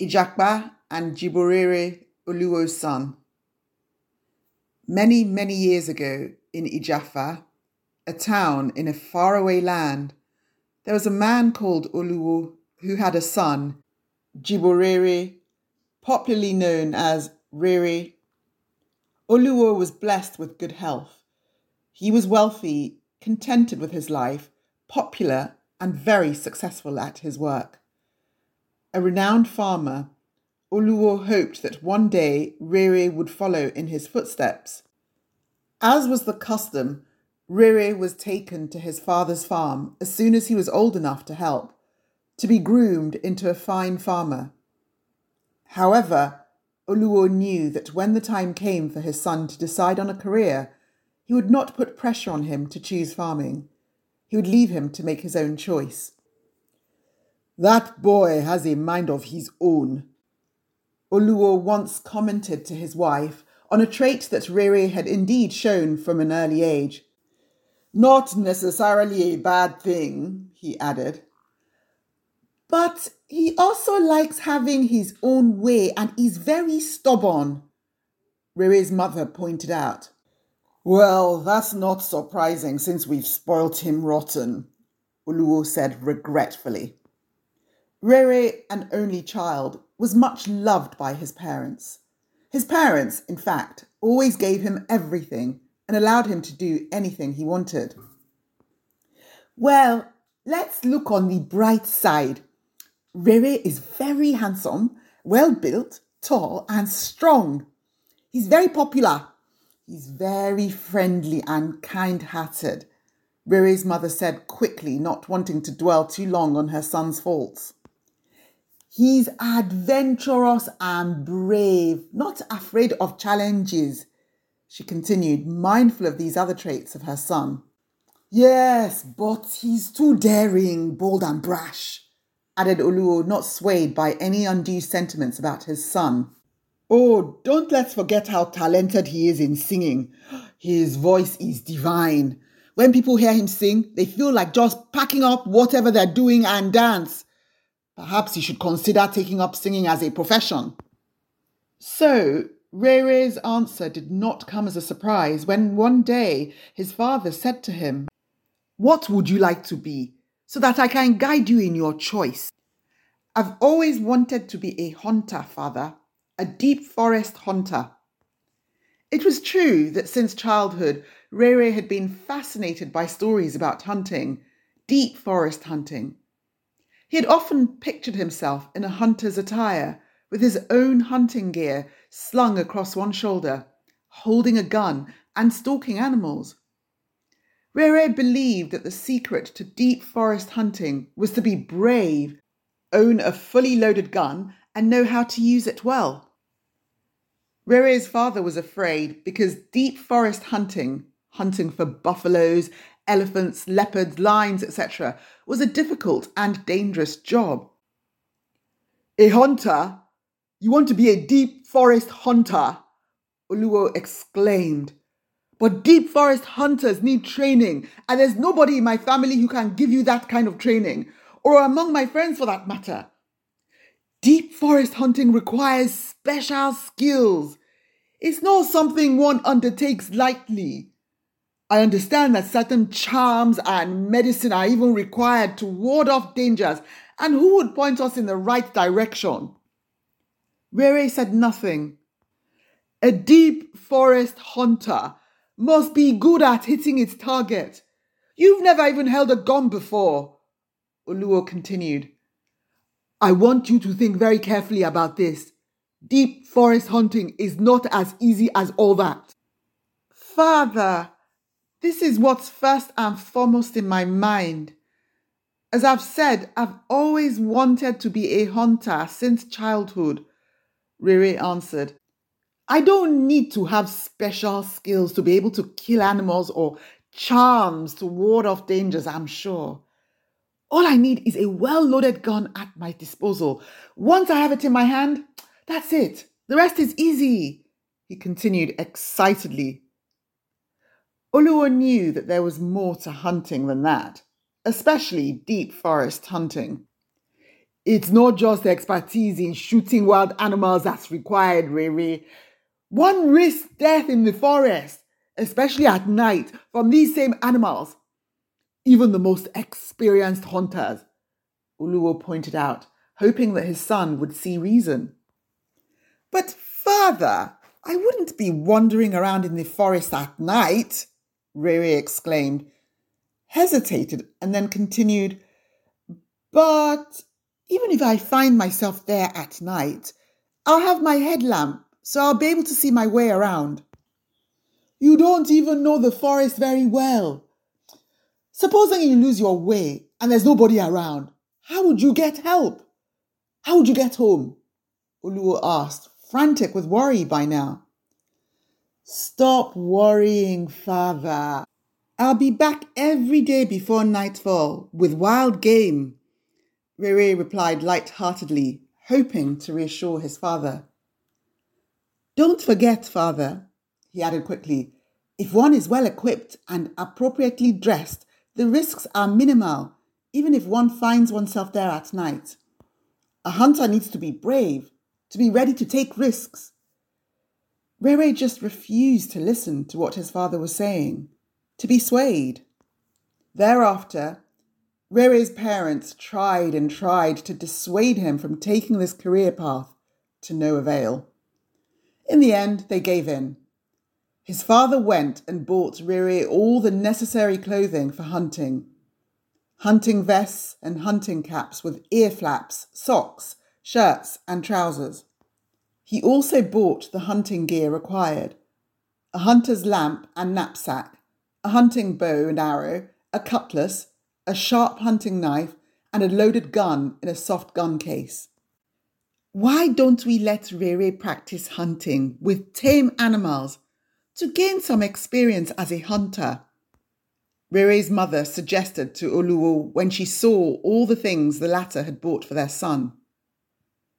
Ijakba and Jiborere Oluo's son. Many, many years ago in Ijafa, a town in a faraway land, there was a man called Oluo who had a son, Jiborere, popularly known as Rere. Oluo was blessed with good health. He was wealthy, contented with his life, popular, and very successful at his work. A renowned farmer, Oluo hoped that one day Rere would follow in his footsteps. As was the custom, Rere was taken to his father's farm as soon as he was old enough to help, to be groomed into a fine farmer. However, Oluo knew that when the time came for his son to decide on a career, he would not put pressure on him to choose farming. He would leave him to make his own choice. That boy has a mind of his own. Oluo once commented to his wife on a trait that Rere had indeed shown from an early age. Not necessarily a bad thing, he added. But he also likes having his own way and is very stubborn, Rere's mother pointed out. Well, that's not surprising since we've spoilt him rotten, Oluo said regretfully. Rere, an only child, was much loved by his parents. His parents, in fact, always gave him everything and allowed him to do anything he wanted. Well, let's look on the bright side. Rere is very handsome, well built, tall, and strong. He's very popular. He's very friendly and kind hearted. Rere's mother said quickly, not wanting to dwell too long on her son's faults. He's adventurous and brave, not afraid of challenges. She continued, mindful of these other traits of her son. Yes, but he's too daring, bold, and brash, added Oluo, not swayed by any undue sentiments about his son. Oh, don't let's forget how talented he is in singing. His voice is divine. When people hear him sing, they feel like just packing up whatever they're doing and dance. Perhaps he should consider taking up singing as a profession. So, Rere's answer did not come as a surprise when one day his father said to him, What would you like to be, so that I can guide you in your choice? I've always wanted to be a hunter, father, a deep forest hunter. It was true that since childhood, Rere had been fascinated by stories about hunting, deep forest hunting. He had often pictured himself in a hunter's attire, with his own hunting gear slung across one shoulder, holding a gun and stalking animals. Rere believed that the secret to deep forest hunting was to be brave, own a fully loaded gun, and know how to use it well. Rere's father was afraid because deep forest hunting, hunting for buffaloes elephants, leopards, lions, etc., was a difficult and dangerous job. A hunter? You want to be a deep forest hunter? Oluo exclaimed. But deep forest hunters need training, and there's nobody in my family who can give you that kind of training, or among my friends for that matter. Deep forest hunting requires special skills. It's not something one undertakes lightly. I understand that certain charms and medicine are even required to ward off dangers, and who would point us in the right direction? Rere said nothing. A deep forest hunter must be good at hitting its target. You've never even held a gun before, Uluo continued. I want you to think very carefully about this. Deep forest hunting is not as easy as all that. Father, this is what's first and foremost in my mind. As I've said, I've always wanted to be a hunter since childhood, Riri answered. I don't need to have special skills to be able to kill animals or charms to ward off dangers, I'm sure. All I need is a well loaded gun at my disposal. Once I have it in my hand, that's it. The rest is easy, he continued excitedly Ulua knew that there was more to hunting than that, especially deep forest hunting. It's not just expertise in shooting wild animals that's required, Riri. One risks death in the forest, especially at night, from these same animals. Even the most experienced hunters, Uluo pointed out, hoping that his son would see reason. But, father, I wouldn't be wandering around in the forest at night, Riri exclaimed, hesitated, and then continued, But even if I find myself there at night, I'll have my headlamp, so I'll be able to see my way around. You don't even know the forest very well. Supposing you lose your way and there's nobody around, how would you get help? How would you get home? Oluo asked, frantic with worry by now. Stop worrying, Father. I'll be back every day before nightfall with wild game. Rere replied light-heartedly, hoping to reassure his father. Don't forget, father, he added quickly, if one is well equipped and appropriately dressed, the risks are minimal, even if one finds oneself there at night. A hunter needs to be brave, to be ready to take risks, Rere just refused to listen to what his father was saying, to be swayed. Thereafter, Rere's parents tried and tried to dissuade him from taking this career path to no avail. In the end, they gave in. His father went and bought Rere all the necessary clothing for hunting hunting vests and hunting caps with ear flaps, socks, shirts, and trousers. He also bought the hunting gear required a hunter's lamp and knapsack, a hunting bow and arrow, a cutlass, a sharp hunting knife, and a loaded gun in a soft gun case. Why don't we let Rere practice hunting with tame animals to gain some experience as a hunter? Rere's mother suggested to Oluo when she saw all the things the latter had bought for their son.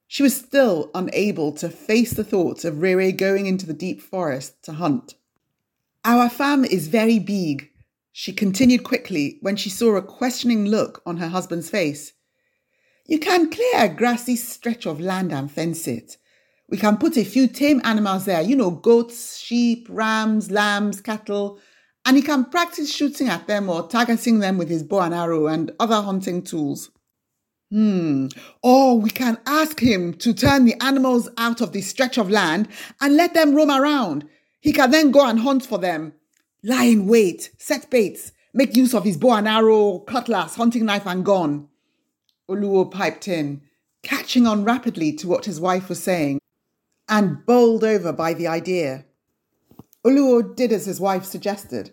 She was still unable to face the thoughts of Rere going into the deep forest to hunt. Our farm is very big, she continued quickly when she saw a questioning look on her husband's face. You can clear a grassy stretch of land and fence it. We can put a few tame animals there, you know, goats, sheep, rams, lambs, cattle, and he can practice shooting at them or targeting them with his bow and arrow and other hunting tools. Hmm. Or we can ask him to turn the animals out of this stretch of land and let them roam around. He can then go and hunt for them. Lie in wait, set baits, make use of his bow and arrow, cutlass, hunting knife, and gun. Oluo piped in, catching on rapidly to what his wife was saying and bowled over by the idea. Oluo did as his wife suggested.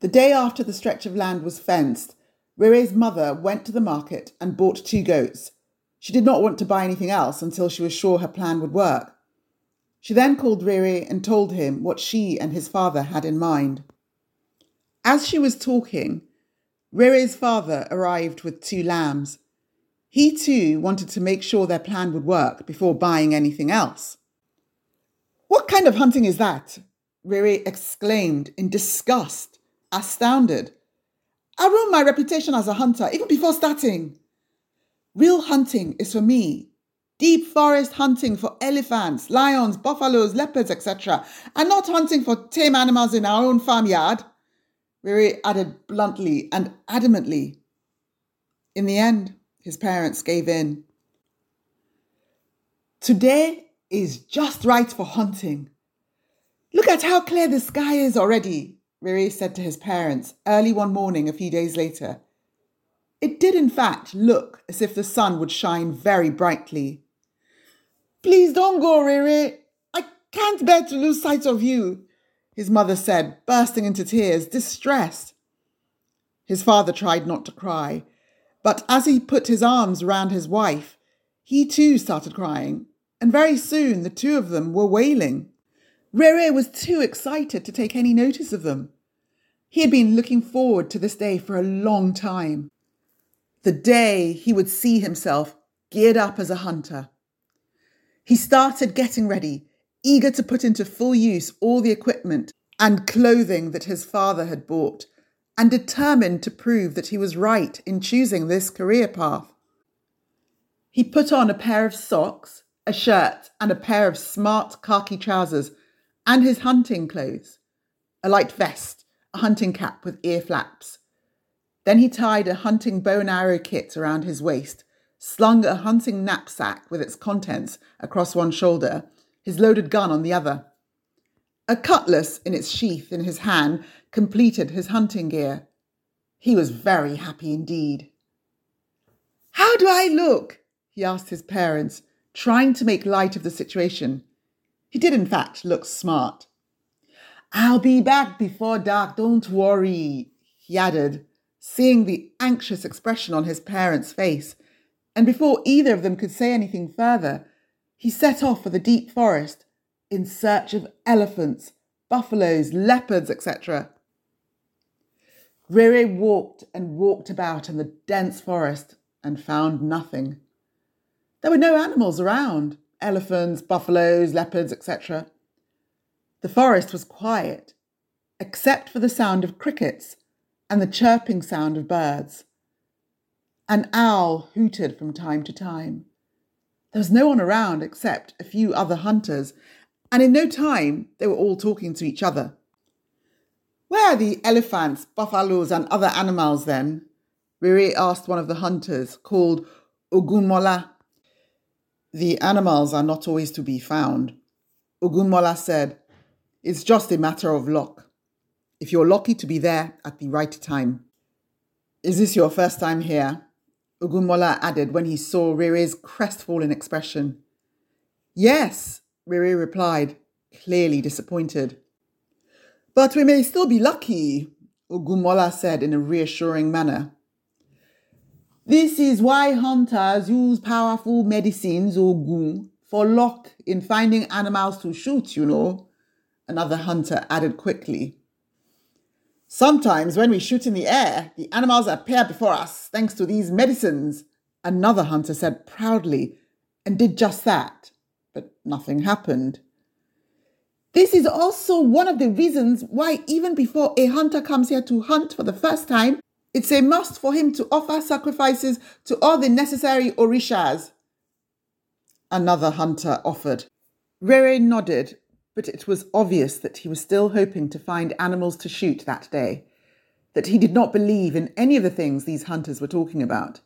The day after the stretch of land was fenced, Rere's mother went to the market and bought two goats. She did not want to buy anything else until she was sure her plan would work. She then called Rere and told him what she and his father had in mind. As she was talking, Rere's father arrived with two lambs. He too wanted to make sure their plan would work before buying anything else. What kind of hunting is that? Rere exclaimed in disgust, astounded. I ruined my reputation as a hunter even before starting. Real hunting is for me deep forest hunting for elephants, lions, buffaloes, leopards, etc., and not hunting for tame animals in our own farmyard, Riri added bluntly and adamantly. In the end, his parents gave in. Today is just right for hunting. Look at how clear the sky is already, Riri said to his parents early one morning a few days later. It did, in fact, look as if the sun would shine very brightly. Please don't go, Riri. I can't bear to lose sight of you, his mother said, bursting into tears, distressed. His father tried not to cry, but as he put his arms round his wife, he too started crying, and very soon the two of them were wailing. Rere was too excited to take any notice of them. He had been looking forward to this day for a long time. The day he would see himself geared up as a hunter. He started getting ready, eager to put into full use all the equipment and clothing that his father had bought, and determined to prove that he was right in choosing this career path. He put on a pair of socks, a shirt, and a pair of smart khaki trousers and his hunting clothes a light vest, a hunting cap with ear flaps. Then he tied a hunting bow and arrow kit around his waist, slung a hunting knapsack with its contents across one shoulder, his loaded gun on the other. A cutlass in its sheath in his hand completed his hunting gear. He was very happy indeed. How do I look? he asked his parents, trying to make light of the situation. He did, in fact, look smart. I'll be back before dark, don't worry, he added, seeing the anxious expression on his parents' face. And before either of them could say anything further, he set off for the deep forest in search of elephants, buffaloes, leopards, etc. Rere walked and walked about in the dense forest and found nothing. There were no animals around, elephants, buffaloes, leopards, etc. The forest was quiet, except for the sound of crickets and the chirping sound of birds. An owl hooted from time to time. There was no one around except a few other hunters, and in no time they were all talking to each other. Where are the elephants, buffaloes, and other animals then? Riri asked one of the hunters, called Ogunmola, the animals are not always to be found, Ugumola said, It's just a matter of luck. If you're lucky to be there at the right time. Is this your first time here? Ugumola added when he saw Rere's crestfallen expression. Yes, Rere replied, clearly disappointed. But we may still be lucky, Ugumola said in a reassuring manner. This is why hunters use powerful medicines or goo for luck in finding animals to shoot, you know, another hunter added quickly. Sometimes when we shoot in the air, the animals appear before us thanks to these medicines, another hunter said proudly, and did just that, but nothing happened. This is also one of the reasons why, even before a hunter comes here to hunt for the first time, it's a must for him to offer sacrifices to all the necessary orishas. Another hunter offered. Rere nodded, but it was obvious that he was still hoping to find animals to shoot that day, that he did not believe in any of the things these hunters were talking about.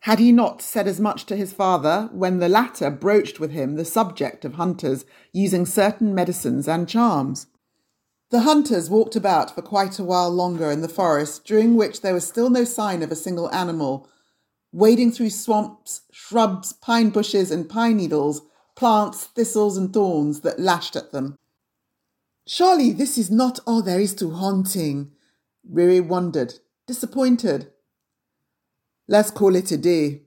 Had he not said as much to his father when the latter broached with him the subject of hunters using certain medicines and charms? The hunters walked about for quite a while longer in the forest, during which there was still no sign of a single animal. Wading through swamps, shrubs, pine bushes, and pine needles, plants, thistles, and thorns that lashed at them. Surely this is not all there is to hunting, Riri wondered, disappointed. Let's call it a day,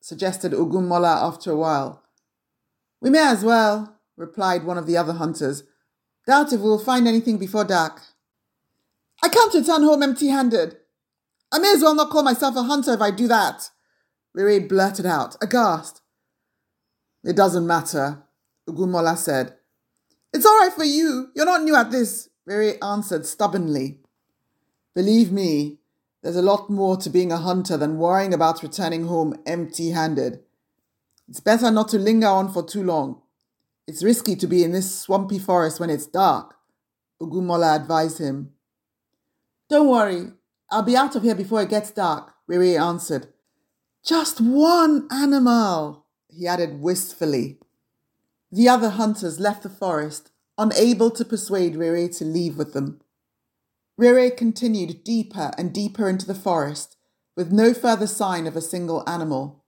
suggested Ugumola after a while. We may as well, replied one of the other hunters, Doubt if we'll find anything before dark. I can't return home empty handed. I may as well not call myself a hunter if I do that, Riri blurted out, aghast. It doesn't matter, Ugumola said. It's all right for you. You're not new at this, Riri answered stubbornly. Believe me, there's a lot more to being a hunter than worrying about returning home empty handed. It's better not to linger on for too long. It's risky to be in this swampy forest when it's dark, Ugumola advised him. Don't worry, I'll be out of here before it gets dark, Riri answered. Just one animal, he added wistfully. The other hunters left the forest, unable to persuade Riri to leave with them. Riri continued deeper and deeper into the forest, with no further sign of a single animal.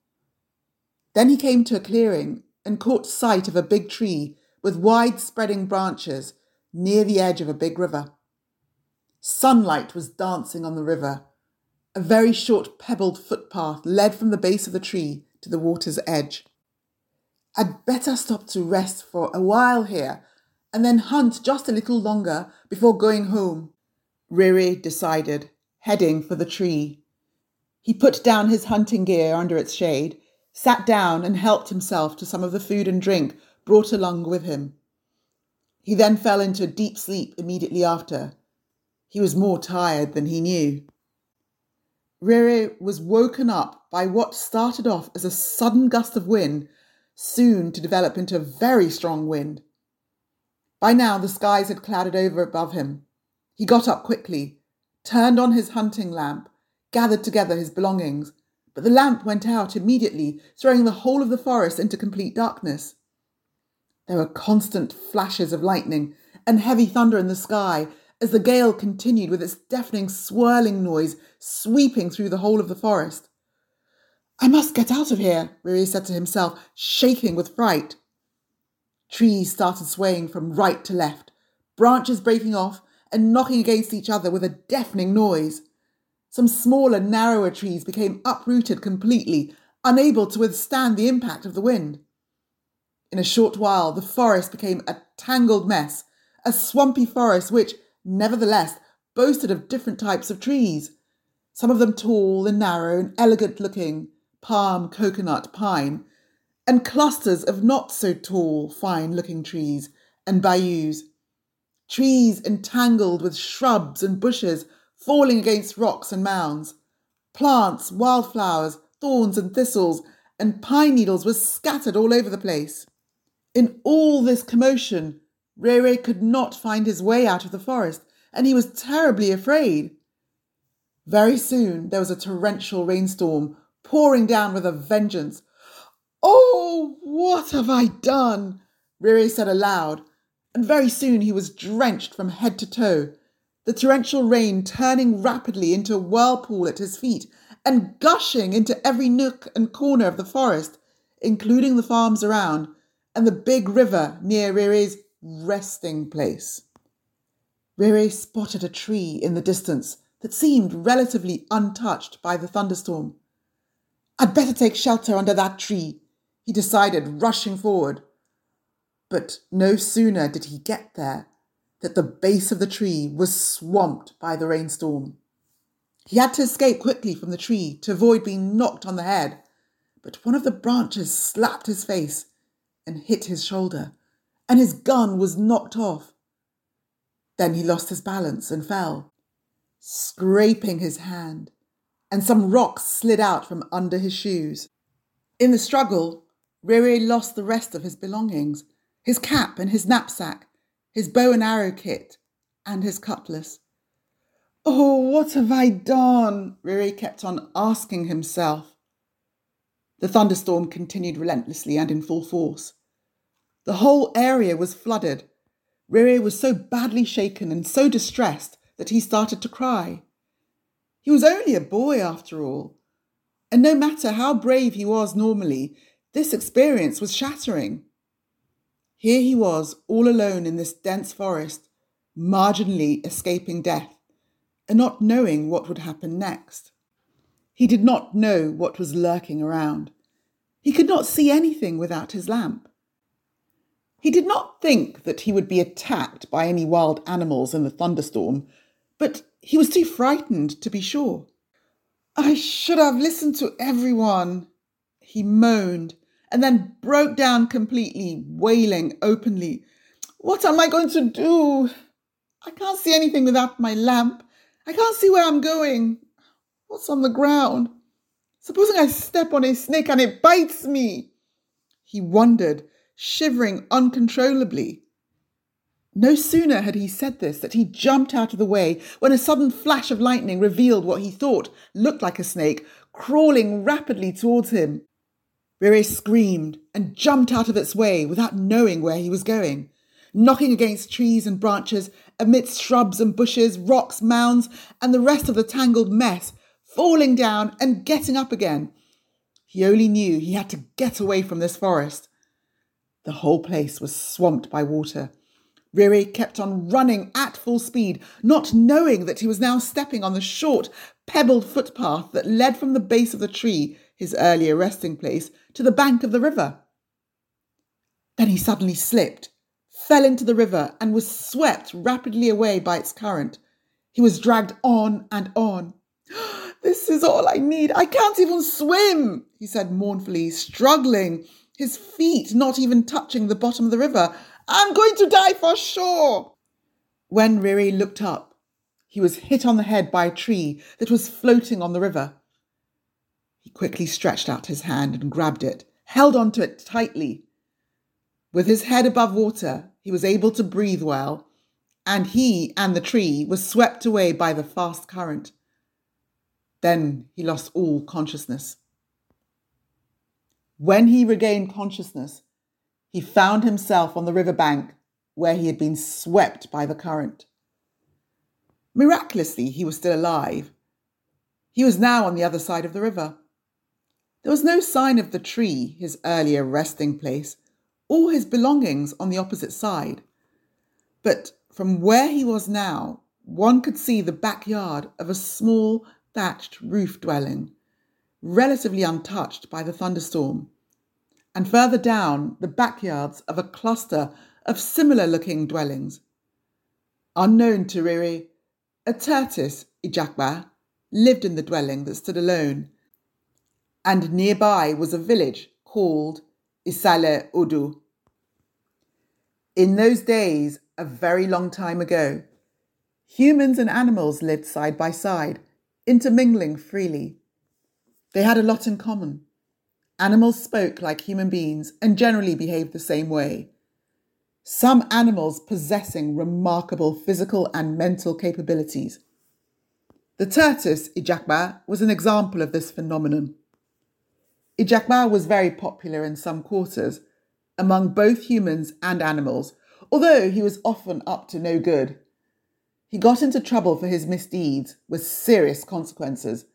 Then he came to a clearing and caught sight of a big tree with wide spreading branches near the edge of a big river. Sunlight was dancing on the river. A very short pebbled footpath led from the base of the tree to the water's edge. I'd better stop to rest for a while here and then hunt just a little longer before going home, Riri decided, heading for the tree. He put down his hunting gear under its shade sat down and helped himself to some of the food and drink brought along with him. He then fell into a deep sleep immediately after. He was more tired than he knew. Rere was woken up by what started off as a sudden gust of wind, soon to develop into a very strong wind. By now, the skies had clouded over above him. He got up quickly, turned on his hunting lamp, gathered together his belongings, but the lamp went out immediately, throwing the whole of the forest into complete darkness. There were constant flashes of lightning and heavy thunder in the sky as the gale continued with its deafening swirling noise sweeping through the whole of the forest. I must get out of here, Riri said to himself, shaking with fright. Trees started swaying from right to left, branches breaking off and knocking against each other with a deafening noise. Some smaller, narrower trees became uprooted completely, unable to withstand the impact of the wind. In a short while, the forest became a tangled mess, a swampy forest which, nevertheless, boasted of different types of trees, some of them tall and narrow and elegant looking, palm, coconut, pine, and clusters of not so tall, fine looking trees and bayous. Trees entangled with shrubs and bushes falling against rocks and mounds. Plants, wildflowers, thorns and thistles, and pine needles were scattered all over the place. In all this commotion, Rere could not find his way out of the forest, and he was terribly afraid. Very soon there was a torrential rainstorm pouring down with a vengeance. Oh, what have I done? Rere said aloud, and very soon he was drenched from head to toe the torrential rain turning rapidly into a whirlpool at his feet and gushing into every nook and corner of the forest, including the farms around and the big river near Rere's resting place. Rere spotted a tree in the distance that seemed relatively untouched by the thunderstorm. I'd better take shelter under that tree, he decided, rushing forward. But no sooner did he get there that the base of the tree was swamped by the rainstorm. He had to escape quickly from the tree to avoid being knocked on the head, but one of the branches slapped his face and hit his shoulder, and his gun was knocked off. Then he lost his balance and fell, scraping his hand, and some rocks slid out from under his shoes. In the struggle, Rere lost the rest of his belongings, his cap and his knapsack, his bow and arrow kit, and his cutlass. Oh, what have I done? Riri kept on asking himself. The thunderstorm continued relentlessly and in full force. The whole area was flooded. Riri was so badly shaken and so distressed that he started to cry. He was only a boy, after all. And no matter how brave he was normally, this experience was shattering. Here he was, all alone in this dense forest, marginally escaping death, and not knowing what would happen next. He did not know what was lurking around. He could not see anything without his lamp. He did not think that he would be attacked by any wild animals in the thunderstorm, but he was too frightened to be sure. I should have listened to everyone, he moaned, and then broke down completely, wailing openly, What am I going to do? I can't see anything without my lamp. I can't see where I'm going. What's on the ground? Supposing I step on a snake and it bites me? He wondered, shivering uncontrollably. No sooner had he said this that he jumped out of the way when a sudden flash of lightning revealed what he thought looked like a snake crawling rapidly towards him. Beret screamed and jumped out of its way without knowing where he was going, knocking against trees and branches, amidst shrubs and bushes, rocks, mounds, and the rest of the tangled mess, falling down and getting up again. He only knew he had to get away from this forest. The whole place was swamped by water. Riri kept on running at full speed, not knowing that he was now stepping on the short, pebbled footpath that led from the base of the tree his earlier resting place, to the bank of the river. Then he suddenly slipped, fell into the river, and was swept rapidly away by its current. He was dragged on and on. This is all I need. I can't even swim, he said mournfully, struggling, his feet not even touching the bottom of the river. I'm going to die for sure. When Riri looked up, he was hit on the head by a tree that was floating on the river quickly stretched out his hand and grabbed it, held on to it tightly. With his head above water, he was able to breathe well, and he and the tree were swept away by the fast current. Then he lost all consciousness. When he regained consciousness, he found himself on the river bank where he had been swept by the current. Miraculously, he was still alive. He was now on the other side of the river. There was no sign of the tree, his earlier resting place, or his belongings on the opposite side. But from where he was now, one could see the backyard of a small thatched roof dwelling, relatively untouched by the thunderstorm. And further down, the backyards of a cluster of similar looking dwellings. Unknown to Riri, a tortoise, Ijakba, lived in the dwelling that stood alone and nearby was a village called Isale Udu. In those days, a very long time ago, humans and animals lived side by side, intermingling freely. They had a lot in common. Animals spoke like human beings and generally behaved the same way. Some animals possessing remarkable physical and mental capabilities. The tortoise, Ijakba, was an example of this phenomenon. Jack was very popular in some quarters, among both humans and animals, although he was often up to no good. He got into trouble for his misdeeds with serious consequences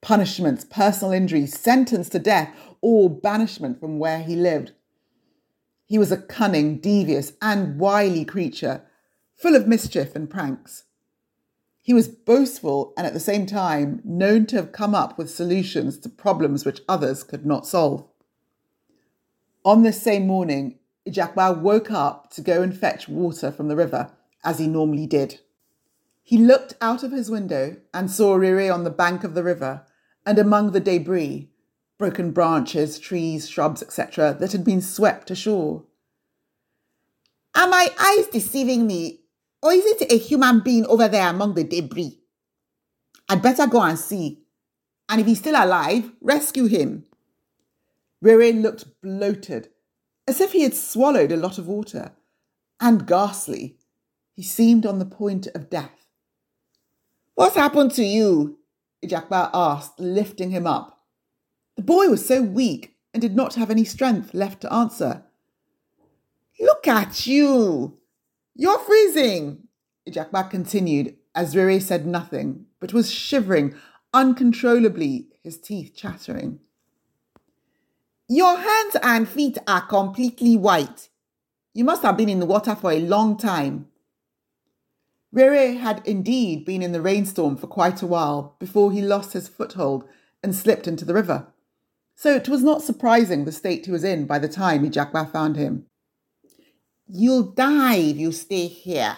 punishments, personal injuries, sentence to death, or banishment from where he lived. He was a cunning, devious, and wily creature, full of mischief and pranks. He was boastful and at the same time known to have come up with solutions to problems which others could not solve. On this same morning, Ijakwa woke up to go and fetch water from the river, as he normally did. He looked out of his window and saw Riri on the bank of the river and among the debris, broken branches, trees, shrubs, etc., that had been swept ashore. Are my eyes deceiving me or is it a human being over there among the debris? I'd better go and see. And if he's still alive, rescue him. Rere looked bloated, as if he had swallowed a lot of water, and ghastly. He seemed on the point of death. What's happened to you? Ijakba asked, lifting him up. The boy was so weak and did not have any strength left to answer. Look at you, you're freezing, Ijakba continued as Rere said nothing, but was shivering uncontrollably, his teeth chattering. Your hands and feet are completely white. You must have been in the water for a long time. Rere had indeed been in the rainstorm for quite a while before he lost his foothold and slipped into the river. So it was not surprising the state he was in by the time Ijakba found him. You'll die if you stay here.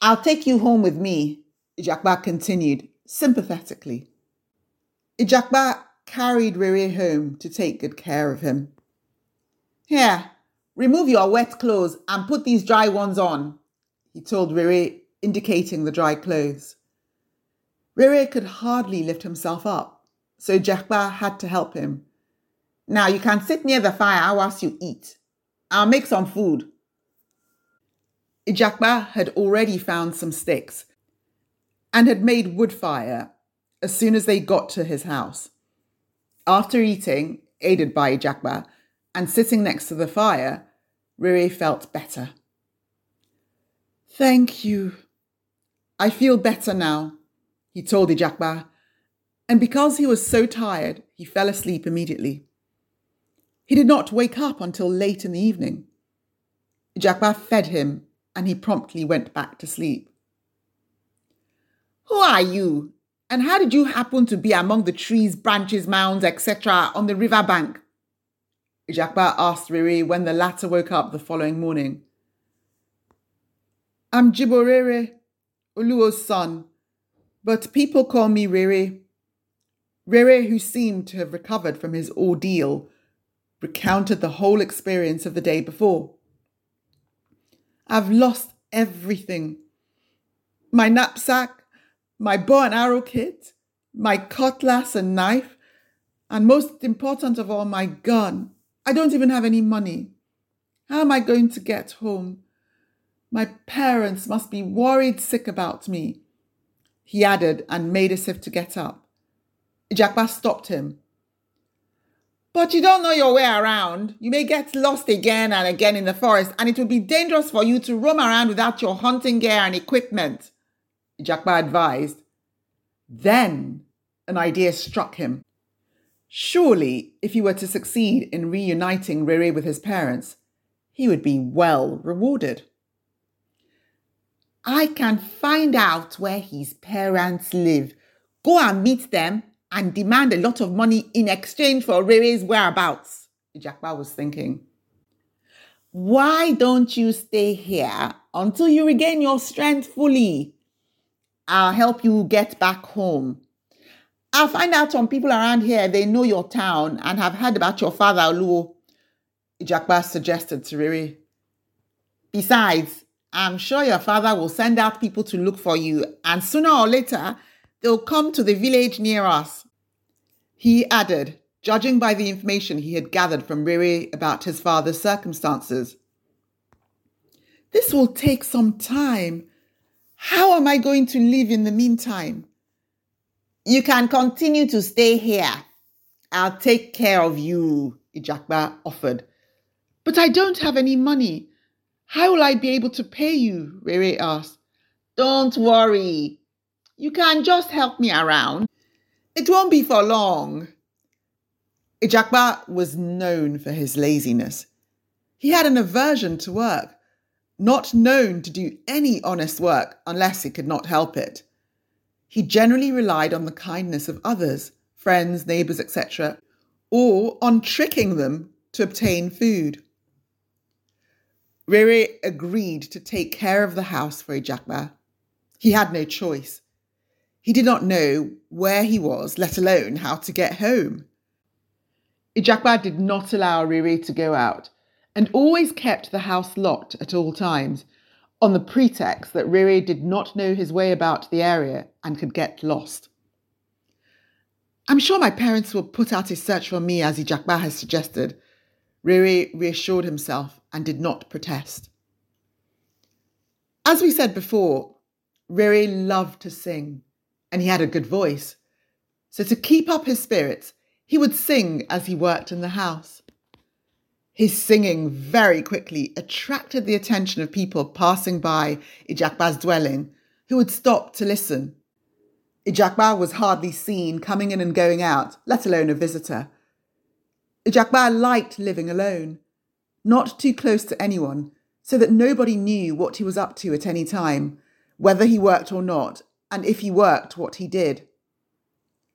I'll take you home with me, Ijakba continued sympathetically. Ijakba carried Riri home to take good care of him. Here, remove your wet clothes and put these dry ones on, he told Riri, indicating the dry clothes. Riri could hardly lift himself up, so Jakba had to help him. Now you can sit near the fire whilst you eat. I'll make some food. Ijakba had already found some sticks and had made wood fire as soon as they got to his house. After eating, aided by Ijakba, and sitting next to the fire, Riri felt better. Thank you. I feel better now, he told Ijakba, and because he was so tired, he fell asleep immediately. He did not wake up until late in the evening. Ijakba fed him and he promptly went back to sleep. Who are you? And how did you happen to be among the trees, branches, mounds, etc., on the river bank? Ijakba asked Riri when the latter woke up the following morning. I'm Jiborere, Uluo's son, but people call me Riri. Riri, who seemed to have recovered from his ordeal, recounted the whole experience of the day before. I've lost everything my knapsack, my bow and arrow kit, my cutlass and knife, and most important of all, my gun. I don't even have any money. How am I going to get home? My parents must be worried sick about me, he added and made as if to get up. Jackba stopped him. But you don't know your way around. You may get lost again and again in the forest, and it will be dangerous for you to roam around without your hunting gear and equipment, Jakba advised. Then an idea struck him. Surely, if he were to succeed in reuniting Riri with his parents, he would be well rewarded. I can find out where his parents live. Go and meet them and demand a lot of money in exchange for Rere's whereabouts, Ijakpa was thinking. Why don't you stay here until you regain your strength fully? I'll help you get back home. I'll find out from people around here, they know your town and have heard about your father, Oluo, Ijakpa suggested to Rere. Besides, I'm sure your father will send out people to look for you, and sooner or later, They'll come to the village near us. He added, judging by the information he had gathered from Riri about his father's circumstances. This will take some time. How am I going to live in the meantime? You can continue to stay here. I'll take care of you, Ijakba offered. But I don't have any money. How will I be able to pay you? Riri asked. Don't worry. You can just help me around. It won't be for long. Ijakba was known for his laziness. He had an aversion to work, not known to do any honest work unless he could not help it. He generally relied on the kindness of others, friends, neighbours, etc., or on tricking them to obtain food. Rere agreed to take care of the house for Ijakba. He had no choice. He did not know where he was, let alone how to get home. Ijakba did not allow Riri to go out and always kept the house locked at all times on the pretext that Riri did not know his way about the area and could get lost. I'm sure my parents will put out a search for me as Ijakba has suggested. Riri reassured himself and did not protest. As we said before, Riri loved to sing and he had a good voice. So, to keep up his spirits, he would sing as he worked in the house. His singing very quickly attracted the attention of people passing by Ijakba's dwelling, who would stop to listen. Ijakba was hardly seen coming in and going out, let alone a visitor. Ijakba liked living alone, not too close to anyone, so that nobody knew what he was up to at any time, whether he worked or not, and if he worked, what he did.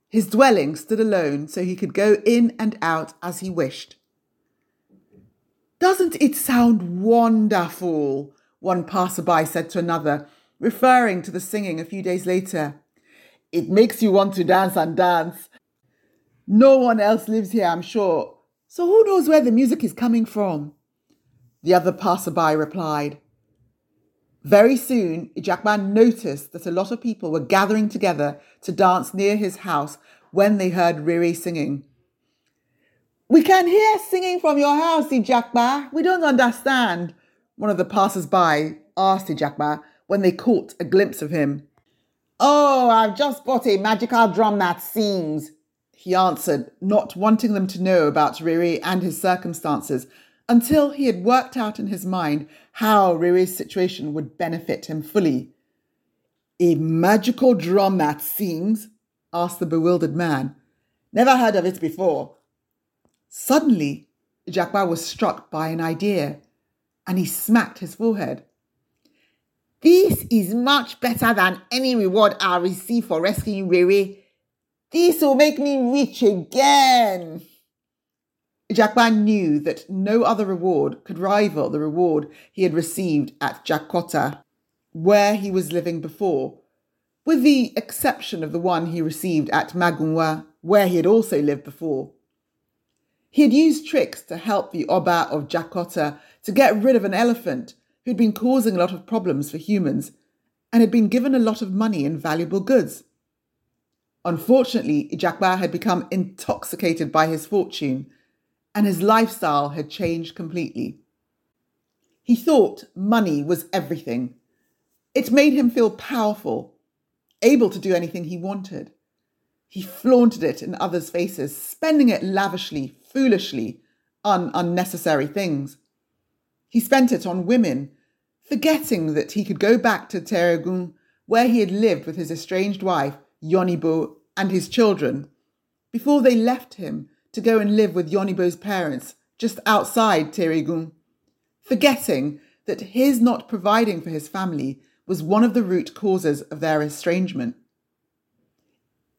His dwelling stood alone, so he could go in and out as he wished. Doesn't it sound wonderful? One passerby said to another, referring to the singing a few days later. It makes you want to dance and dance. No one else lives here, I'm sure. So who knows where the music is coming from? The other passerby replied. Very soon, Jackman noticed that a lot of people were gathering together to dance near his house when they heard Riri singing. We can hear singing from your house, Ijakba. We don't understand, one of the passers-by asked Ijakba when they caught a glimpse of him. Oh, I've just bought a magical drum that sings, he answered, not wanting them to know about Riri and his circumstances until he had worked out in his mind how Riri's situation would benefit him fully. A magical drum that sings? asked the bewildered man. Never heard of it before. Suddenly, Jacquard was struck by an idea, and he smacked his forehead. This is much better than any reward I'll receive for rescuing Riri. This will make me rich again. Jacquin knew that no other reward could rival the reward he had received at Jakarta, where he was living before, with the exception of the one he received at Magunwa, where he had also lived before. He had used tricks to help the Oba of Jakarta to get rid of an elephant who'd been causing a lot of problems for humans and had been given a lot of money and valuable goods. Unfortunately, Ijakba had become intoxicated by his fortune and his lifestyle had changed completely. He thought money was everything. It made him feel powerful, able to do anything he wanted. He flaunted it in others' faces, spending it lavishly, foolishly, on unnecessary things. He spent it on women, forgetting that he could go back to Terragun, where he had lived with his estranged wife, Yonibo, and his children, before they left him to go and live with Yonibo's parents just outside Terigun, forgetting that his not providing for his family was one of the root causes of their estrangement.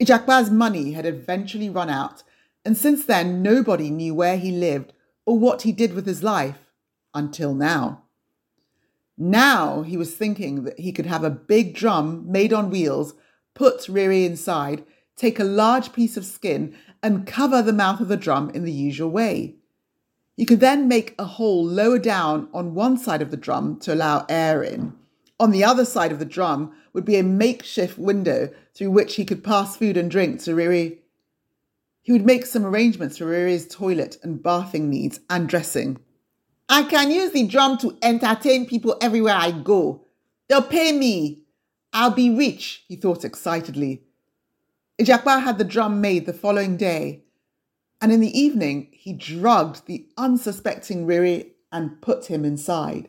Ijakba's money had eventually run out, and since then nobody knew where he lived or what he did with his life until now. Now he was thinking that he could have a big drum made on wheels, put Riri inside, take a large piece of skin, and cover the mouth of the drum in the usual way. You can then make a hole lower down on one side of the drum to allow air in. On the other side of the drum would be a makeshift window through which he could pass food and drink to Riri. He would make some arrangements for Riri's toilet and bathing needs and dressing. I can use the drum to entertain people everywhere I go. They'll pay me. I'll be rich, he thought excitedly, Ijakba had the drum made the following day, and in the evening he drugged the unsuspecting Riri and put him inside.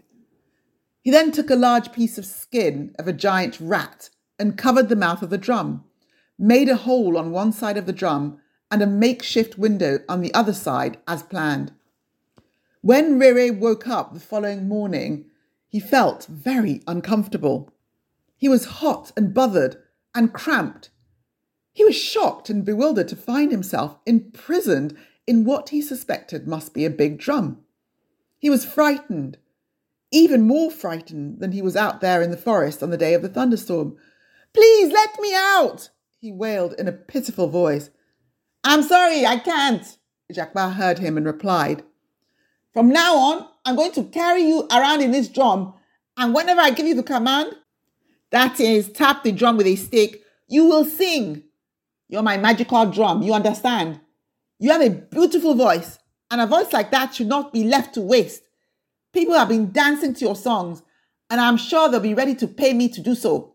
He then took a large piece of skin of a giant rat and covered the mouth of the drum, made a hole on one side of the drum and a makeshift window on the other side as planned. When Riri woke up the following morning, he felt very uncomfortable. He was hot and bothered and cramped he was shocked and bewildered to find himself imprisoned in what he suspected must be a big drum. He was frightened, even more frightened than he was out there in the forest on the day of the thunderstorm. Please let me out, he wailed in a pitiful voice. I'm sorry, I can't, Jacquard heard him and replied. From now on, I'm going to carry you around in this drum, and whenever I give you the command, that is, tap the drum with a stick, you will sing. You're my magical drum. You understand? You have a beautiful voice, and a voice like that should not be left to waste. People have been dancing to your songs, and I'm sure they'll be ready to pay me to do so.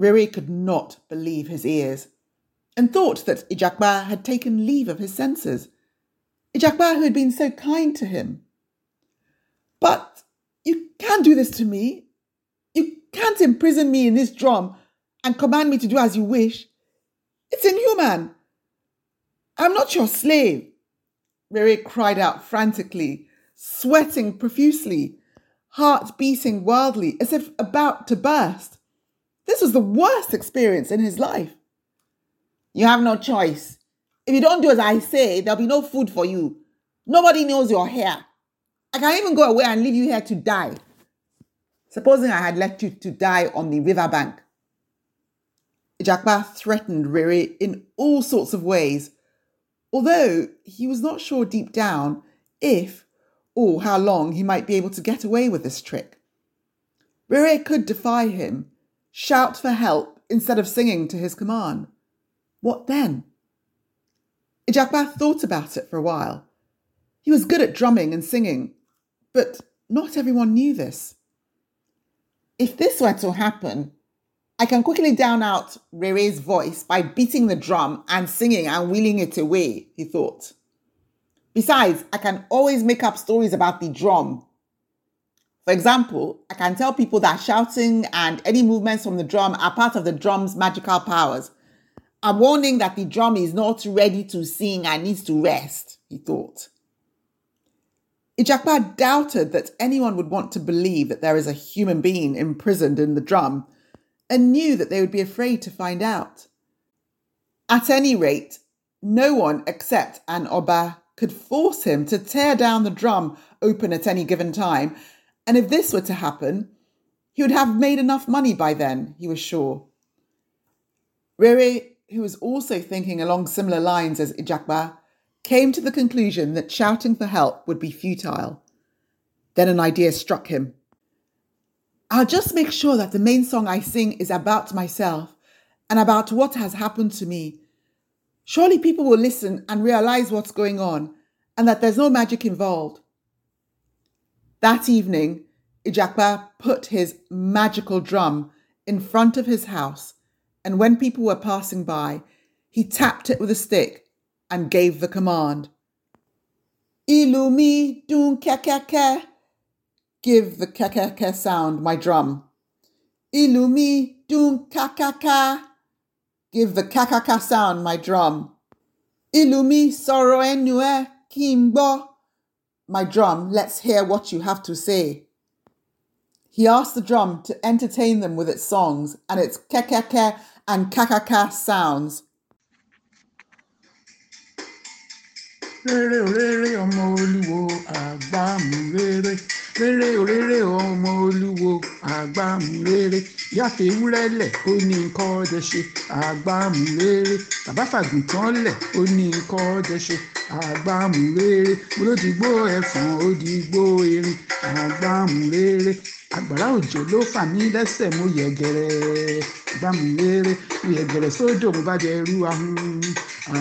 Riri could not believe his ears and thought that Ijakba had taken leave of his senses. Ijakba, who had been so kind to him. But you can't do this to me. You can't imprison me in this drum and command me to do as you wish. It's inhuman. I'm not your slave. Rere cried out frantically, sweating profusely, heart beating wildly as if about to burst. This was the worst experience in his life. You have no choice. If you don't do as I say, there'll be no food for you. Nobody knows you're here. I can even go away and leave you here to die. Supposing I had left you to die on the riverbank, Jagba threatened Riri in all sorts of ways, although he was not sure deep down if or how long he might be able to get away with this trick. Riri could defy him, shout for help instead of singing to his command. What then? Ijakba thought about it for a while. He was good at drumming and singing, but not everyone knew this. If this were to happen, I can quickly down out Rere's voice by beating the drum and singing and wheeling it away, he thought. Besides, I can always make up stories about the drum. For example, I can tell people that shouting and any movements from the drum are part of the drum's magical powers. I'm warning that the drum is not ready to sing and needs to rest, he thought. Ijakpa doubted that anyone would want to believe that there is a human being imprisoned in the drum and knew that they would be afraid to find out. At any rate, no one except an Oba could force him to tear down the drum open at any given time, and if this were to happen, he would have made enough money by then, he was sure. Riri, who was also thinking along similar lines as Ijakba, came to the conclusion that shouting for help would be futile. Then an idea struck him. I'll just make sure that the main song I sing is about myself and about what has happened to me. Surely people will listen and realize what's going on and that there's no magic involved. That evening, Ijakpa put his magical drum in front of his house, and when people were passing by, he tapped it with a stick and gave the command. Ilumi dun kekeke, give the kakaka sound my drum. Ilumi dun kakaka, give the kakaka sound my drum. Ilumi soro enue kimbo, my drum, let's hear what you have to say. He asked the drum to entertain them with its songs and its kekeke and kakaka sounds. rere rere kéré òréré ọmọ olúwo àgbàmúréré yàtọ̀ ewúrẹ́ lẹ̀ ó ní nǹkan ọdẹ ṣe àgbàmúréré tàbáfàgùntàn lẹ̀ ó ní nǹkan ọdẹ ṣe àgbàmúréré olódìgbò ẹ̀fọ̀n odìgbò erin àgbàmúréré àgbàrá òjò ló fà mí lẹ́sẹ̀ mo yẹ̀gẹ̀rẹ̀. agbámúléré ìyẹ̀gẹ̀rẹ̀ sódò mo bá jẹ irú ahun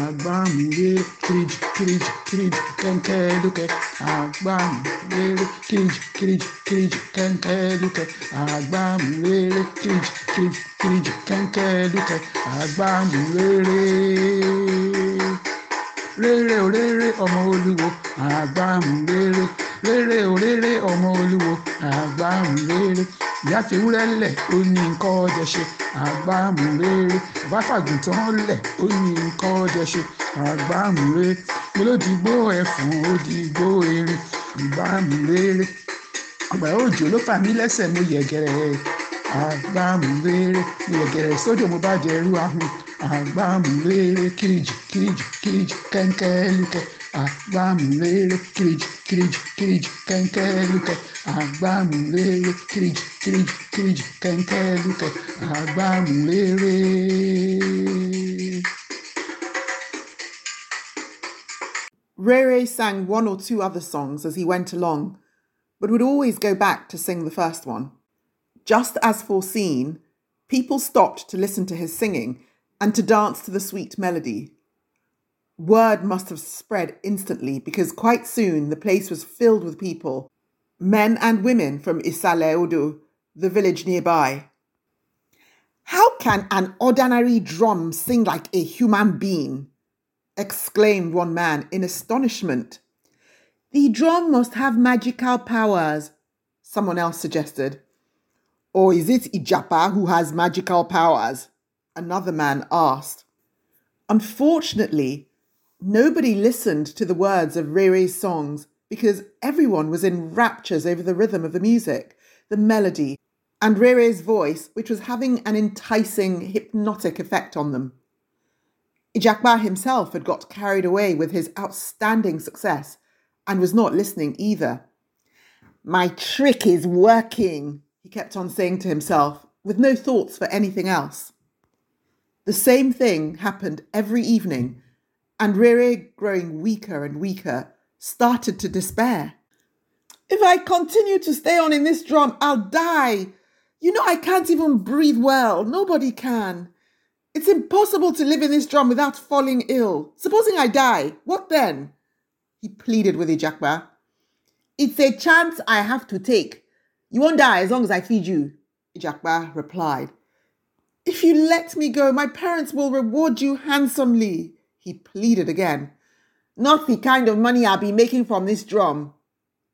agbámúléré kiriji kiriji kiriji kẹ́ńkẹ́ lókè agbámúléré kiriji kiriji kiriji kẹ́ńkẹ́ lókè agbámúléré kiriji kiriji kiriji kẹ́ńkẹ́ lókè agbámúléré. rere ò rere ọmọ olúwo àgbàmù rere rere ò rere ọmọ olúwo àgbàmù rere ìyá fi wúrẹ́ lẹ̀ ó ní nǹkan ọjọ́ ṣe àgbàmù rere bàbá fàgùntàn lẹ̀ ó ní nǹkan ọjọ́ ṣe àgbàmù rere mo ló dìgbò erin àgbàmù rere ọgbà òjò ló fà mí lẹ́sẹ̀ mo yẹ̀gẹ̀rẹ̀ agbámúlérè ní ọ̀gẹ̀rẹ̀ sódò mo bá jẹ irú ahun agbámúlérè kìrìjì kìrìjì kìrìjì kẹ́ńkẹ́lùkẹ́ agbámúlérè kìrìjì kìrìjì kìrìjì kẹ́ńkẹ́lùkẹ́ agbámúlérè kìrìjì kìrìjì kìrìjì kẹ́ńkẹ́lùkẹ́ agbámúlérè. Rere sang one or two other songs as he went along, but would always go back to sing the first one just as foreseen, people stopped to listen to his singing and to dance to the sweet melody. Word must have spread instantly because quite soon the place was filled with people, men and women from Isaleodu, the village nearby. How can an ordinary drum sing like a human being? exclaimed one man in astonishment. The drum must have magical powers, someone else suggested. Or is it Ijapa who has magical powers? Another man asked. Unfortunately, nobody listened to the words of Rere's songs because everyone was in raptures over the rhythm of the music, the melody, and Rere's voice, which was having an enticing, hypnotic effect on them. Ijapa himself had got carried away with his outstanding success and was not listening either. My trick is working, he kept on saying to himself, with no thoughts for anything else. The same thing happened every evening, and Rere, growing weaker and weaker, started to despair. If I continue to stay on in this drum, I'll die. You know, I can't even breathe well. Nobody can. It's impossible to live in this drum without falling ill. Supposing I die, what then? He pleaded with Ijakba. It's a chance I have to take. You won't die as long as I feed you, Ijakba replied. If you let me go, my parents will reward you handsomely, he pleaded again. Not the kind of money I'll be making from this drum,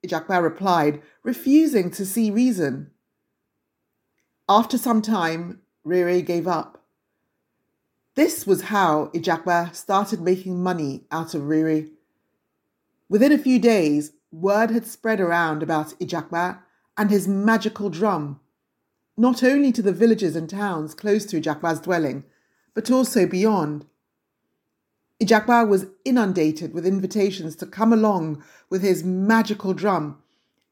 Ijakba replied, refusing to see reason. After some time, Rere gave up. This was how Ijakba started making money out of Rere. Within a few days, word had spread around about Ijakba and his magical drum, not only to the villages and towns close to Ijakwa's dwelling, but also beyond. Ijakwa was inundated with invitations to come along with his magical drum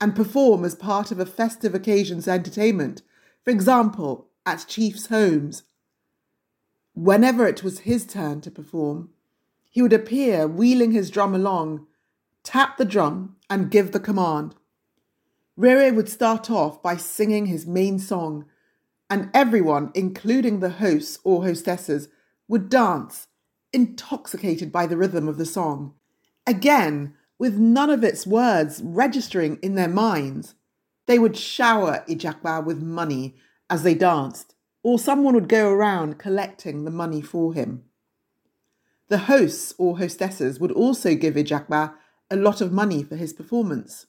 and perform as part of a festive occasion's entertainment, for example, at chiefs' homes. Whenever it was his turn to perform, he would appear wheeling his drum along, tap the drum, and give the command. Rere would start off by singing his main song, and everyone, including the hosts or hostesses, would dance, intoxicated by the rhythm of the song. Again, with none of its words registering in their minds, they would shower Ijakwa with money as they danced, or someone would go around collecting the money for him. The hosts or hostesses would also give Ijakwa a lot of money for his performance.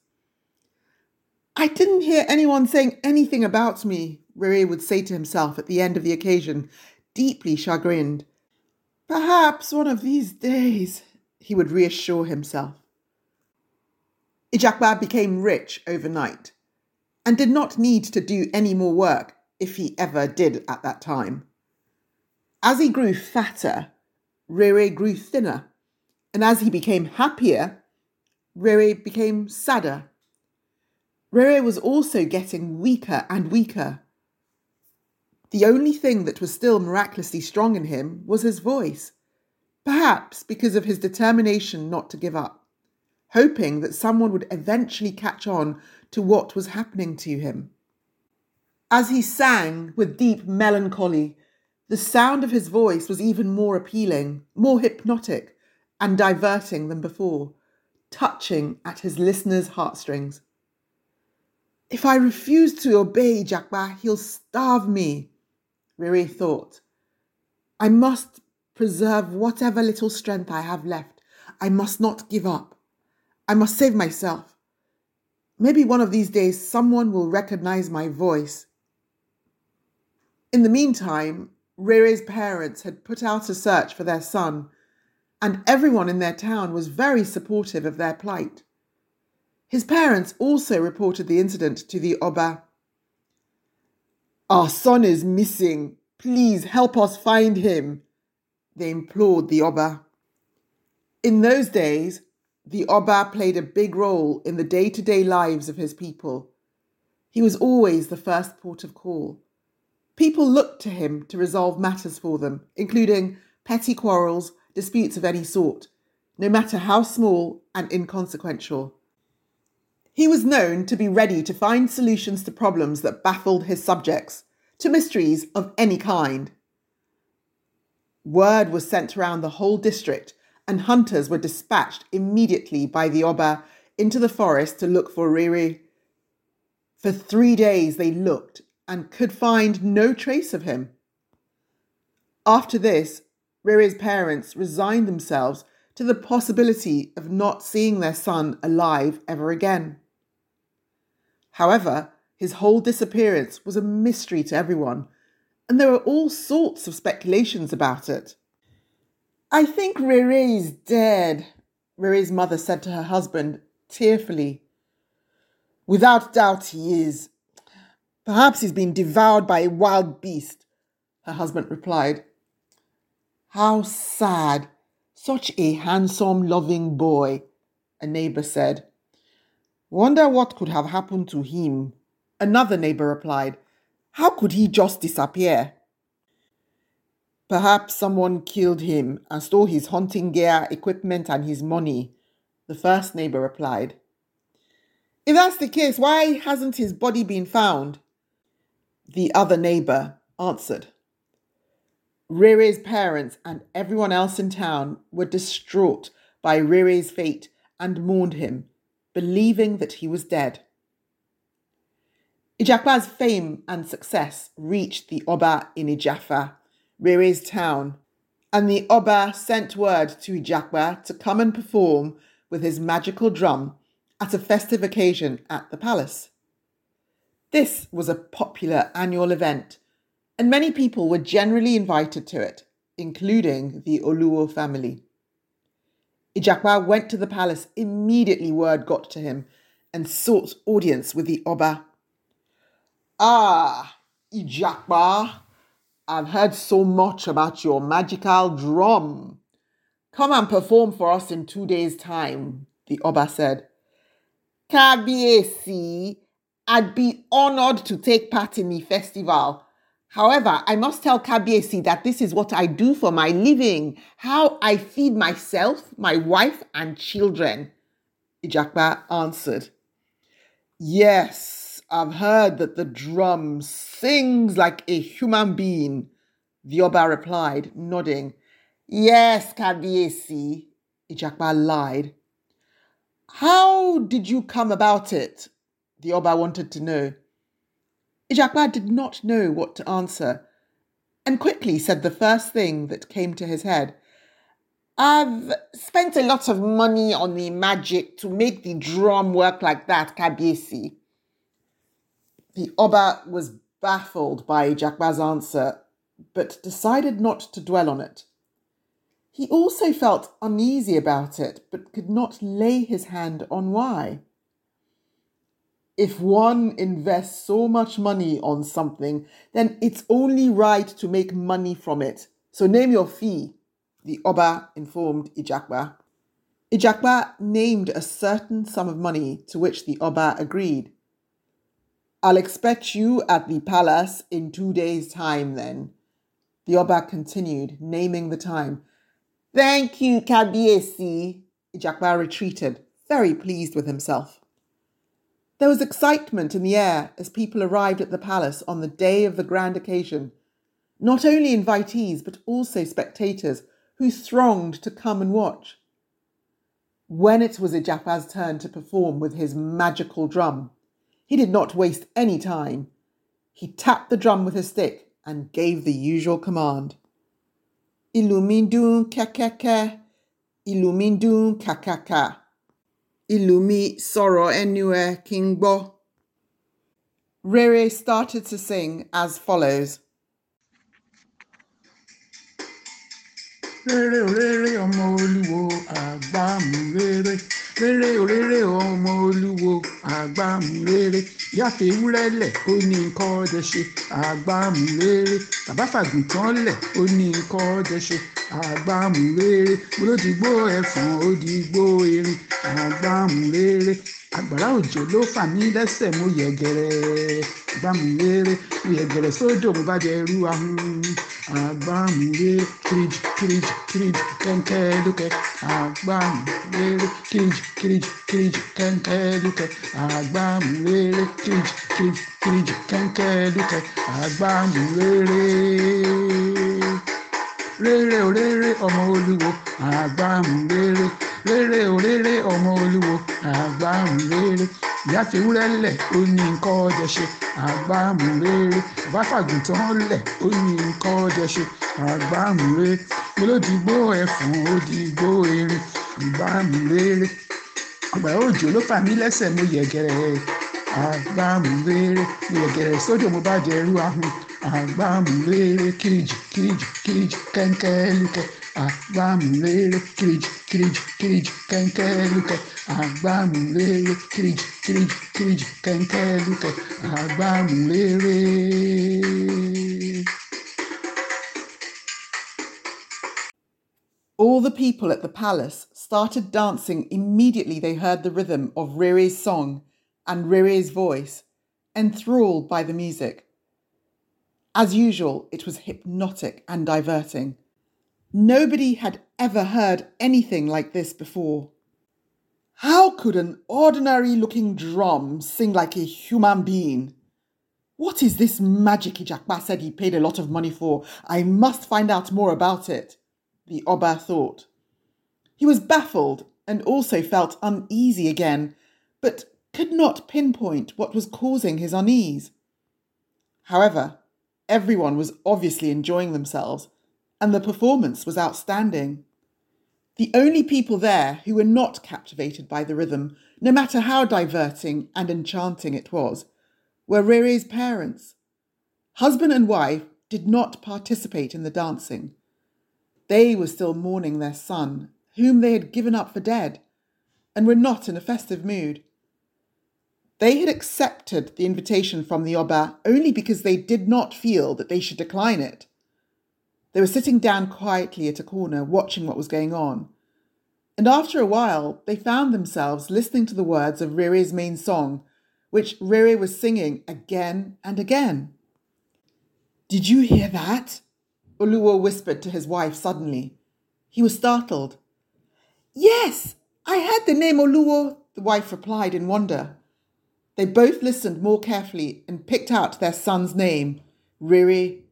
I didn't hear anyone saying anything about me, Rere would say to himself at the end of the occasion, deeply chagrined. Perhaps one of these days, he would reassure himself. Ijakba became rich overnight and did not need to do any more work if he ever did at that time. As he grew fatter, Rere grew thinner, and as he became happier, Rere became sadder Rere was also getting weaker and weaker. The only thing that was still miraculously strong in him was his voice, perhaps because of his determination not to give up, hoping that someone would eventually catch on to what was happening to him. As he sang with deep melancholy, the sound of his voice was even more appealing, more hypnotic, and diverting than before, touching at his listener's heartstrings. If I refuse to obey Jakba, he'll starve me, Riri thought. I must preserve whatever little strength I have left. I must not give up. I must save myself. Maybe one of these days someone will recognize my voice. In the meantime, Riri's parents had put out a search for their son, and everyone in their town was very supportive of their plight. His parents also reported the incident to the Oba. Our son is missing. Please help us find him, they implored the Oba. In those days, the Oba played a big role in the day to day lives of his people. He was always the first port of call. People looked to him to resolve matters for them, including petty quarrels, disputes of any sort, no matter how small and inconsequential. He was known to be ready to find solutions to problems that baffled his subjects, to mysteries of any kind. Word was sent around the whole district, and hunters were dispatched immediately by the Oba into the forest to look for Riri. For three days they looked and could find no trace of him. After this, Riri's parents resigned themselves to the possibility of not seeing their son alive ever again. However, his whole disappearance was a mystery to everyone, and there were all sorts of speculations about it. I think Rere's dead, Rere's mother said to her husband tearfully. Without doubt he is. Perhaps he's been devoured by a wild beast, her husband replied. How sad! Such a handsome, loving boy, a neighbour said. Wonder what could have happened to him. Another neighbor replied, How could he just disappear? Perhaps someone killed him and stole his hunting gear, equipment, and his money, the first neighbor replied. If that's the case, why hasn't his body been found? The other neighbor answered. Rere's parents and everyone else in town were distraught by Rere's fate and mourned him believing that he was dead. Ijakba's fame and success reached the Oba in Ijafa, Rere's town, and the Oba sent word to Ijakba to come and perform with his magical drum at a festive occasion at the palace. This was a popular annual event, and many people were generally invited to it, including the Oluo family. Ijakwa went to the palace. Immediately, word got to him and sought audience with the Oba. Ah, Ijakwa, I've heard so much about your magical drum. Come and perform for us in two days' time, the Oba said. Kabiesi, I'd be honored to take part in the festival, However, I must tell KBAC that this is what I do for my living, how I feed myself, my wife, and children. Ijakba answered, Yes, I've heard that the drum sings like a human being. The Oba replied, nodding. Yes, Kabiesi, Ijakba lied. How did you come about it? The Oba wanted to know. Jacquard did not know what to answer, and quickly said the first thing that came to his head. I've spent a lot of money on the magic to make the drum work like that, Kabiesi. The Oba was baffled by Jacquard's answer, but decided not to dwell on it. He also felt uneasy about it, but could not lay his hand on why if one invests so much money on something, then it's only right to make money from it. So name your fee, the Oba informed Ijakba. Ijakba named a certain sum of money to which the Oba agreed. I'll expect you at the palace in two days' time, then. The Oba continued, naming the time. Thank you, Kabiesi. Ijakba retreated, very pleased with himself. There was excitement in the air as people arrived at the palace on the day of the grand occasion. Not only invitees, but also spectators who thronged to come and watch. When it was Ijapa's turn to perform with his magical drum, he did not waste any time. He tapped the drum with his stick and gave the usual command. Illumindun kakaka, illumindun kakaka ìlú sọ̀rọ̀ Enue ẹ kí Rere started to sing as follows. rere rere ọmọ olúwo àgbàmúrere rere rere ọmọ olúwo àgbàmúrere ìyá tèmúrẹ́lẹ̀ ó ní nǹkan ọdẹ ṣe àgbàmúrere bàbá fàgùntàn lẹ̀ ó ní nǹkan ọdẹ ṣe àgbàmúrere mo ló dìgbò ẹ̀fọn ó dìgbò erin àgbàmúrere àgbàrá òjò ló fà mí lẹ́sẹ̀ mo yẹ̀ gẹ̀rẹ́ gbàmúlérè mo yẹ̀ gẹ̀rẹ́ sódò mo bá jẹ irú ahun agbàmúlérè kiriji kiriji kiriji kẹ́ńkẹ́ lókẹ́ agbàmúlérè kiriji kiriji kiriji kẹ́ńkẹ́ lókẹ́ agbàmúlérè kiriji kiriji kiriji kẹ́ńkẹ́ lókẹ́ agbàmúlérè rere ò rere ọmọ olúwo agbàmúlérè rere ò rere ọmọ olúwo àgbàmù rere ìyá ti wúrẹ́ lẹ̀ ó ní nǹkan ọdẹ ṣe àgbàmù rere bàbá fàgùntàn lẹ̀ ó ní nǹkan ọdẹ ṣe àgbàmù rere mo ló dìgbò ẹ̀fọn erin àgbàmù rere ọgbà òjò ló fà mí lẹ́sẹ̀ mo yẹ̀gẹ̀rẹ̀ àgbàmù rere mo yẹ̀gẹ̀rẹ̀ sódò mo bá dẹrú ahun àgbàmù rere kìrìjì kìrìjì kìrìjì kẹ́ńkẹ́ agbámúléró kìrìjì kìrìjì kìrìjì kẹ̀ǹkẹ́ lùkẹ̀ crid, crid, kìrìjì kìrìjì kẹ̀ǹkẹ́ lùkẹ̀ agbámúléró. All the people at the palace started dancing immediately they heard the rhythm of Riri's song and Riri's voice, enthralled by the music. As usual, it was hypnotic and diverting. Nobody had ever heard anything like this before. How could an ordinary looking drum sing like a human being? What is this magic Ijakba said he paid a lot of money for? I must find out more about it, the Oba thought. He was baffled and also felt uneasy again, but could not pinpoint what was causing his unease. However, everyone was obviously enjoying themselves, and the performance was outstanding. The only people there who were not captivated by the rhythm, no matter how diverting and enchanting it was, were Riri's parents. Husband and wife did not participate in the dancing. They were still mourning their son, whom they had given up for dead, and were not in a festive mood. They had accepted the invitation from the Oba only because they did not feel that they should decline it. They were sitting down quietly at a corner, watching what was going on. And after a while, they found themselves listening to the words of Riri's main song, which Riri was singing again and again. Did you hear that? Oluwo whispered to his wife suddenly. He was startled. Yes, I heard the name Oluwo, the wife replied in wonder. They both listened more carefully and picked out their son's name, Riri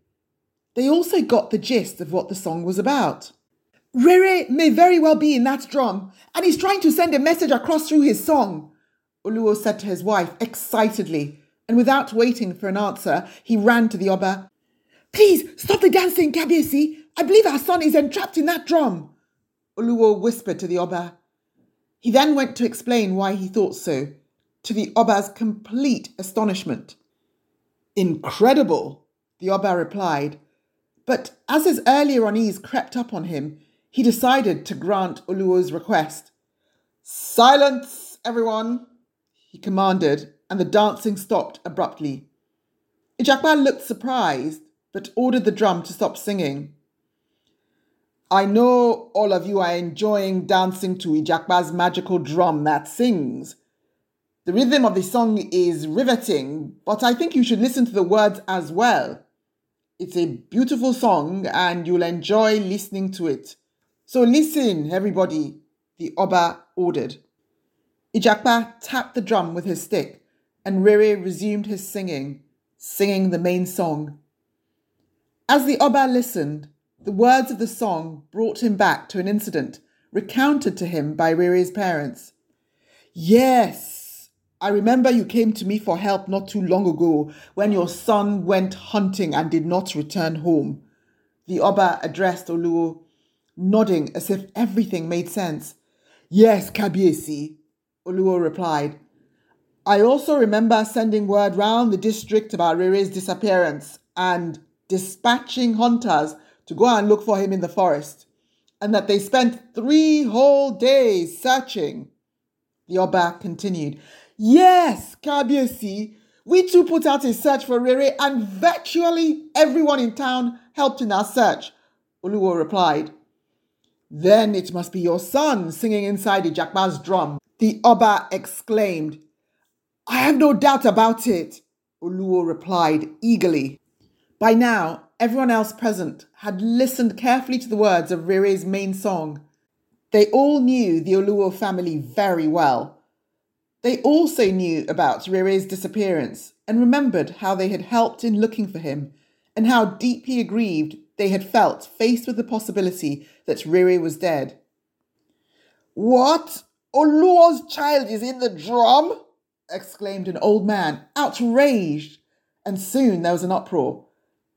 they also got the gist of what the song was about. Rere may very well be in that drum, and he's trying to send a message across through his song, Oluo said to his wife excitedly, and without waiting for an answer, he ran to the Oba. Please stop the dancing, Kabiesi. I believe our son is entrapped in that drum, Oluo whispered to the Oba. He then went to explain why he thought so, to the Oba's complete astonishment. Incredible, the Oba replied, but as his earlier unease crept up on him, he decided to grant Uluo's request. Silence, everyone, he commanded, and the dancing stopped abruptly. Ijakbal looked surprised, but ordered the drum to stop singing. I know all of you are enjoying dancing to Ijakba's magical drum that sings. The rhythm of the song is riveting, but I think you should listen to the words as well. It's a beautiful song and you'll enjoy listening to it. So listen, everybody, the Oba ordered. Ijakpa tapped the drum with his stick and Rere resumed his singing, singing the main song. As the Oba listened, the words of the song brought him back to an incident recounted to him by Rere's parents. Yes, I remember you came to me for help not too long ago when your son went hunting and did not return home. The Oba addressed Oluo, nodding as if everything made sense. Yes, Kabiesi, Oluo replied. I also remember sending word round the district about Rere's disappearance and dispatching hunters to go and look for him in the forest, and that they spent three whole days searching. The Oba continued. Yes, KBC, we too put out a search for Rere and virtually everyone in town helped in our search. Oluwo replied. Then it must be your son singing inside the jackman's drum, the Oba exclaimed. I have no doubt about it, Oluwo replied eagerly. By now, everyone else present had listened carefully to the words of Rere's main song. They all knew the Oluwo family very well. They also knew about Rere's disappearance and remembered how they had helped in looking for him and how deeply aggrieved they had felt faced with the possibility that Rere was dead. What? Oluwa's child is in the drum? exclaimed an old man, outraged. And soon there was an uproar.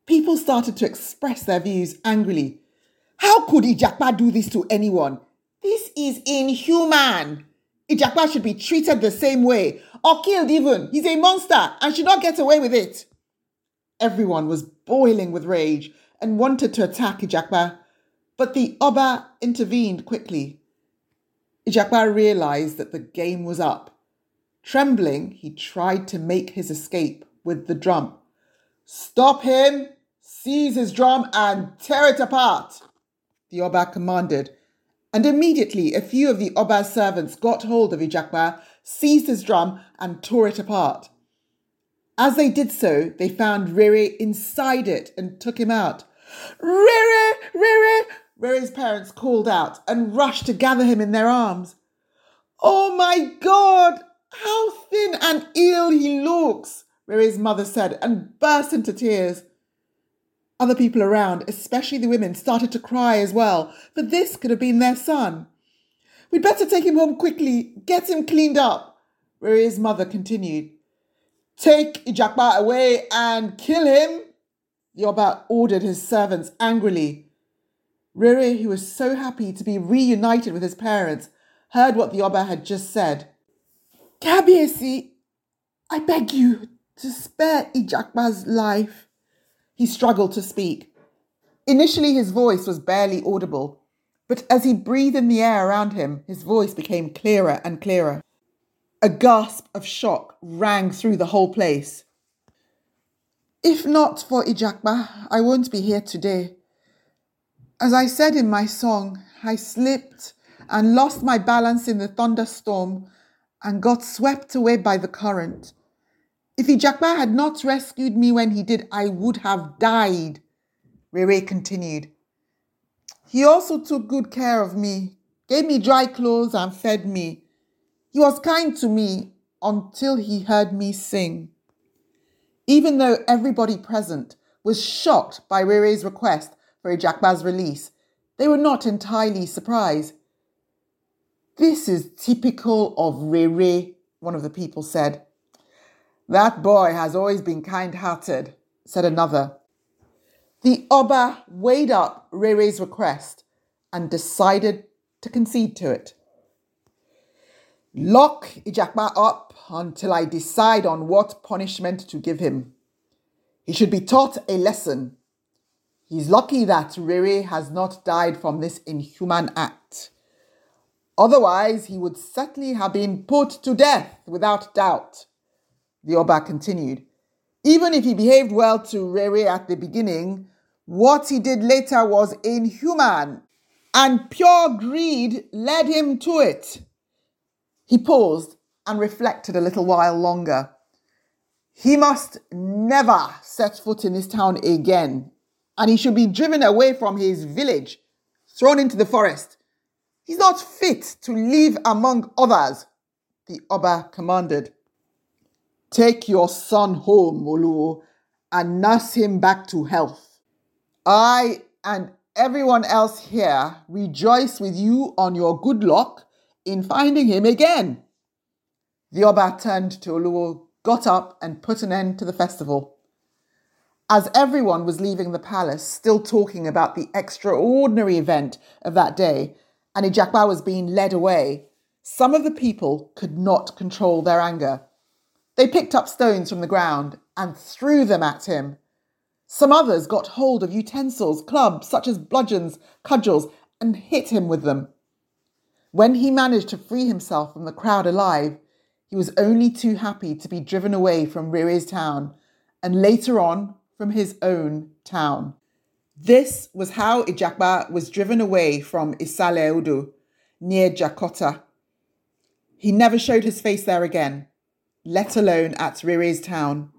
People started to express their views angrily. How could Ijapa do this to anyone? This is inhuman, Ijakwa should be treated the same way or killed even. He's a monster and should not get away with it. Everyone was boiling with rage and wanted to attack Ijakwa, but the Oba intervened quickly. Ijakwa realized that the game was up. Trembling, he tried to make his escape with the drum. Stop him, seize his drum, and tear it apart, the Oba commanded and immediately a few of the Oba's servants got hold of Ijakwa, seized his drum, and tore it apart. As they did so, they found Riri inside it and took him out. Rere! Rere! Rere's parents called out and rushed to gather him in their arms. Oh my God! How thin and ill he looks! Riri's mother said and burst into tears. Other people around, especially the women, started to cry as well, for this could have been their son. We'd better take him home quickly, get him cleaned up. Riri's mother continued. Take Ijakba away and kill him, Yoba ordered his servants angrily. Riri, who was so happy to be reunited with his parents, heard what the Yoba had just said. Kabiesi, I beg you to spare Ijakba's life. He struggled to speak. Initially, his voice was barely audible, but as he breathed in the air around him, his voice became clearer and clearer. A gasp of shock rang through the whole place. If not for Ijakba, I won't be here today. As I said in my song, I slipped and lost my balance in the thunderstorm and got swept away by the current. If Ijakba had not rescued me when he did, I would have died, Rere continued. He also took good care of me, gave me dry clothes, and fed me. He was kind to me until he heard me sing. Even though everybody present was shocked by Rere's request for Ijakba's release, they were not entirely surprised. This is typical of Rere, one of the people said. That boy has always been kind hearted, said another. The Oba weighed up Rere's request and decided to concede to it. Lock Ijakma up until I decide on what punishment to give him. He should be taught a lesson. He's lucky that Rere has not died from this inhuman act. Otherwise, he would certainly have been put to death without doubt the Oba continued. Even if he behaved well to Rere at the beginning, what he did later was inhuman, and pure greed led him to it. He paused and reflected a little while longer. He must never set foot in this town again, and he should be driven away from his village, thrown into the forest. He's not fit to live among others, the Oba commanded. Take your son home, Mulu, and nurse him back to health. I and everyone else here rejoice with you on your good luck in finding him again. The Oba turned to Oluo, got up, and put an end to the festival. As everyone was leaving the palace, still talking about the extraordinary event of that day, and Ijakba was being led away, some of the people could not control their anger. They picked up stones from the ground and threw them at him. Some others got hold of utensils, clubs, such as bludgeons, cudgels, and hit him with them. When he managed to free himself from the crowd alive, he was only too happy to be driven away from Riri's town and later on from his own town. This was how Ijakba was driven away from Isaleudu near Jakota. He never showed his face there again, let alone at Riri's town.